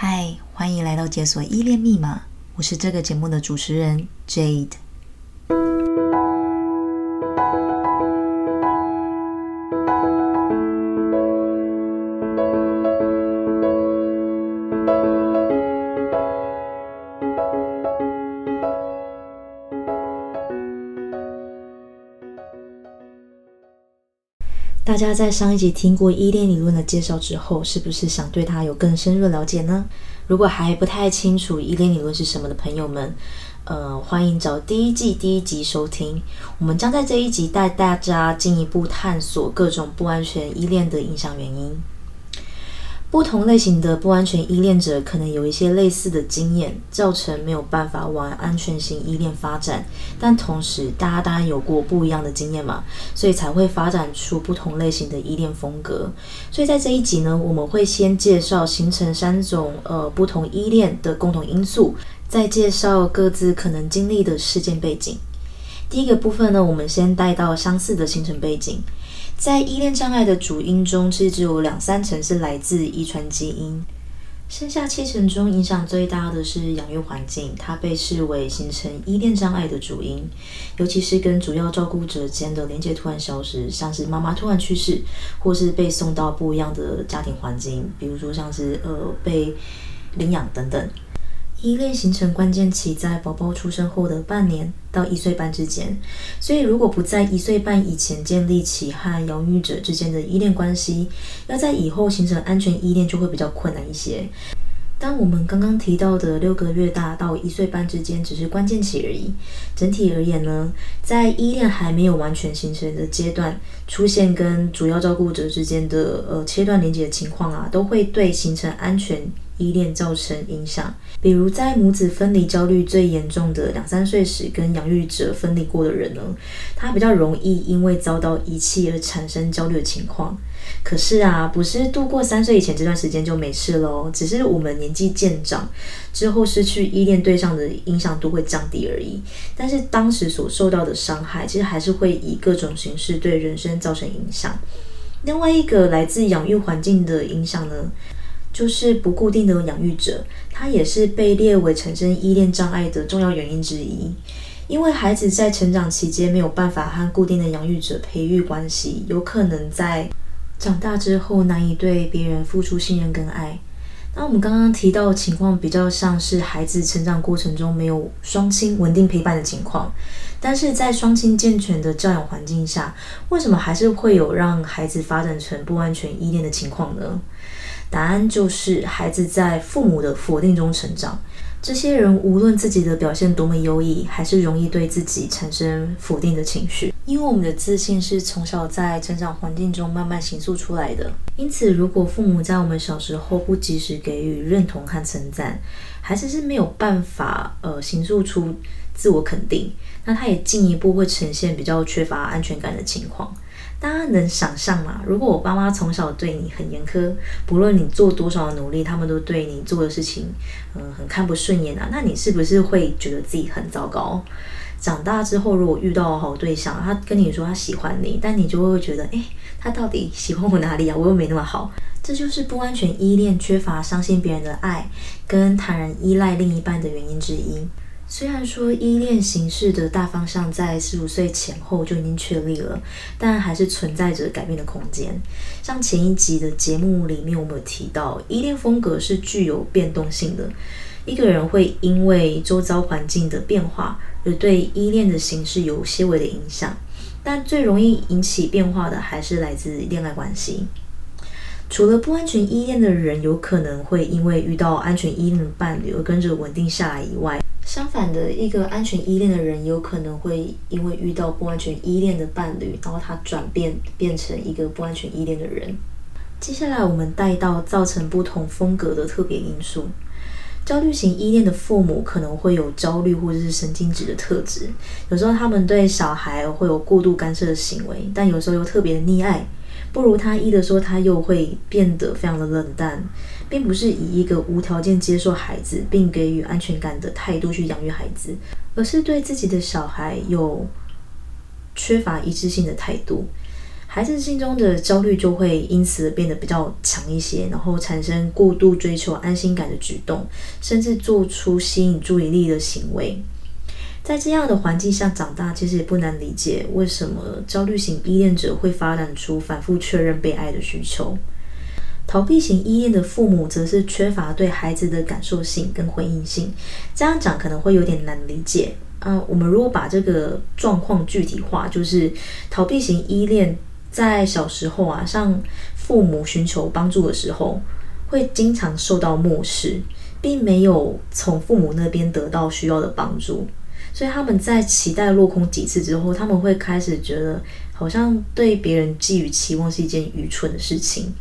嗨，歡迎來到《解鎖依戀密碼》，我是這個節目的主持人 Jade。大家在上一集聽過依戀理論的介紹之後，是不是想對它有更深入的了解呢？如果還不太清楚依戀理論是什麼的朋友們，呃，歡迎找第一季，第一集收聽。我們將在這一集帶大家進一步探索各種不安全依戀的影響原因。不同類型的不安全依戀者可能有一些類似的經驗，造成沒有辦法往安全型依戀發展。但同時，大家當然有過不一樣的經驗嘛，所以才會發展出不同類型的依戀風格。所以在這一集呢，我們會先介紹形成三種呃不同依戀的共同因素，再介紹各自可能經歷的事件背景。第一個部分呢，我們先帶到相似的形成背景。在依戀障礙的主因中，其實只有兩三成是來自遺傳基因，剩下七成中影響最大的是養育環境，它被視為形成依戀障礙的主因，尤其是跟主要照顧者間的連接突然消失，像是媽媽突然去世，或是被送到不一樣的家庭環境，比如說像是呃被領養等等。依戀形成關鍵期在寶寶出生後的半年到一歲半之間，所以如果不在一歲半以前建立起和養育者之間的依戀關係，要在以後形成安全依戀就會比較困難一些。但我們剛剛提到的六個月大到一歲半之間只是關鍵期而已，整體而言呢，在依戀還沒有完全形成的階段，出現跟主要照顧者之間的呃切斷連接的情況啊，都會對形成安全。依戀造成影響，比如在母子分離焦慮最嚴重的兩三歲時跟養育者分離過的人呢，他比較容易因為遭到遺棄而產生焦慮的情況。可是啊，不是度過三歲以前這段時間就沒事嘍、哦，只是我們年紀漸長之後失去依戀對象的影響都會降低而已。但是當時所受到的傷害，其實還是會以各種形式對人生造成影響。另外一個來自養育環境的影響呢？就是不固定的養育者，他也是被列為產生依戀障礙的重要原因之一，因為孩子在成長期間沒有辦法和固定的養育者培育關係，有可能在長大之後難以對別人付出信任跟愛。那我們剛剛提到的情況比較像是孩子成長過程中沒有雙親穩定陪伴的情況，但是在雙親健全的教養環境下，為什麼還是會有讓孩子發展成不安全依戀的情況呢？答案就是孩子在父母的否定中成長。這些人無論自己的表現多麼優異，還是容易對自己產生否定的情緒。因為我們的自信是從小在成長環境中慢慢形塑出來的。因此，如果父母在我們小時候不及時給予認同和稱讚，孩子是，是沒有辦法呃形塑出自我肯定。那他也進一步會呈現比較缺乏安全感的情況。大家能想象嗎？如果我爸媽從小對你很嚴苛，不論你做多少努力，他們都對你做的事情，嗯，很看不順眼啊。那你是不是會覺得自己很糟糕？長大之後，如果遇到好對象，他跟你說他喜歡你，但你就會覺得，誒，他到底喜歡我哪裡啊？我又沒那麼好。這就是不安全依戀、缺乏相信別人的愛，跟坦然依賴另一半的原因之一。雖然說依戀形式的大方向在四五歲前後就已經確立了，但還是存在着改變的空間。像前一集的節目裡面，我們有提到，依戀風格是具有變動性的。一個人會因為周遭環境的變化而對依戀的形式有些微的影響，但最容易引起變化的還是來自戀愛關係。除了不安全依戀的人有可能會因為遇到安全依戀的伴侶而跟着穩定下來以外，相反的，一個安全依戀的人，有可能會因為遇到不安全依戀的伴侶，然後他轉變變成一個不安全依戀的人。接下來我們帶到造成不同風格的特別因素。焦慮型依戀的父母可能會有焦慮或者是，是神經質的特質，有時候他們對小孩會有過度干涉的行為，但有時候又特別的溺愛。不如他意的時候，他又會變得非常的冷淡。並不是以一個無條件接受孩子並給予安全感的態度去養育孩子，而是對自己的小孩有缺乏一致性的態度，孩子心中的焦慮就會因此變得比較強一些，然後產生過度追求安心感的舉動，甚至做出吸引注意力的行為。在這樣的環境下長大，其實也不難理解為什麼焦慮型依戀者會發展出反覆確認被愛的需求。逃避型依戀的父母則是缺乏對孩子的感受性跟回應性，這樣講可能會有點難理解。呃，我們如果把這個狀況具體化，就是逃避型依戀在小時候啊，向父母尋求幫助的時候，會經常受到漠視，並沒有從父母那邊得到需要的幫助，所以他們在期待落空幾次之後，他們會開始覺得好像對別人寄予期望是一件愚蠢的事情。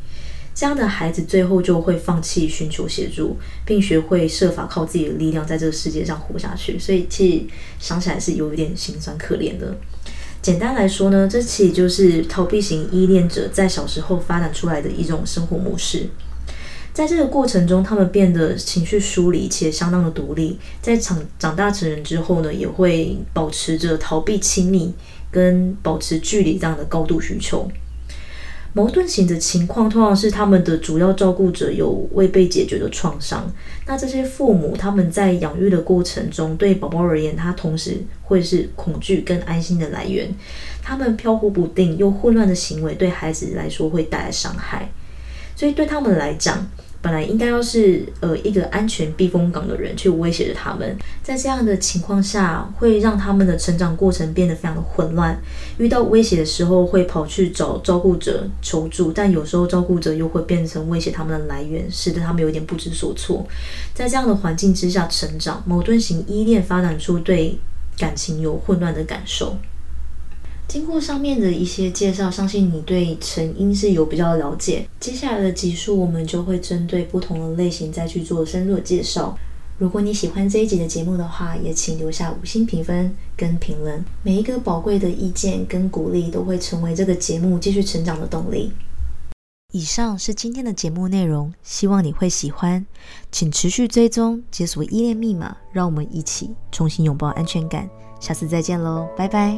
這樣的孩子最後就會放棄尋求協助，並學會設法靠自己的力量在這個世界上活下去。所以其實想起來是有點心酸可憐的。簡單來說呢，這其實就是逃避型依戀者在小時候發展出來的一種生活模式。在這個過程中，他們變得情緒疏離且相當的獨立。在長長大成人之後呢，也會保持着逃避親密跟保持距離這樣的高度需求。矛盾型的情況通常是他們的主要照顧者有未被解決的創傷。那這些父母，他們在養育的過程中，對寶寶而言，他同時會是恐懼跟安心的來源。他們飄忽不定又混亂的行為，對孩子來說會帶來傷害。所以對他們來講，本來應該要是呃一個安全避風港的人去威脅着他們，在這樣的情況下會讓他們的成長過程變得非常的混亂。遇到威脅的時候會跑去找照顧者求助，但有時候照顧者又會變成威脅他們的來源，使得他們有點不知所措。在這樣的環境之下成長，矛盾型依戀發展出對感情有混亂的感受。經過上面的一些介紹，相信你對成因是有比較了解。接下來的集數，我們就會針對不同的類型再去做深入的介紹。如果你喜歡這一集的節目的話，也請留下五星評分跟評論。每一個寶貴的意見跟鼓勵，都會成為這個節目繼續成長的動力。以上是今天的節目內容，希望你會喜歡。請持續追蹤《解鎖依戀密碼》，讓我們一起重新擁抱安全感。下次再見嘍，拜拜。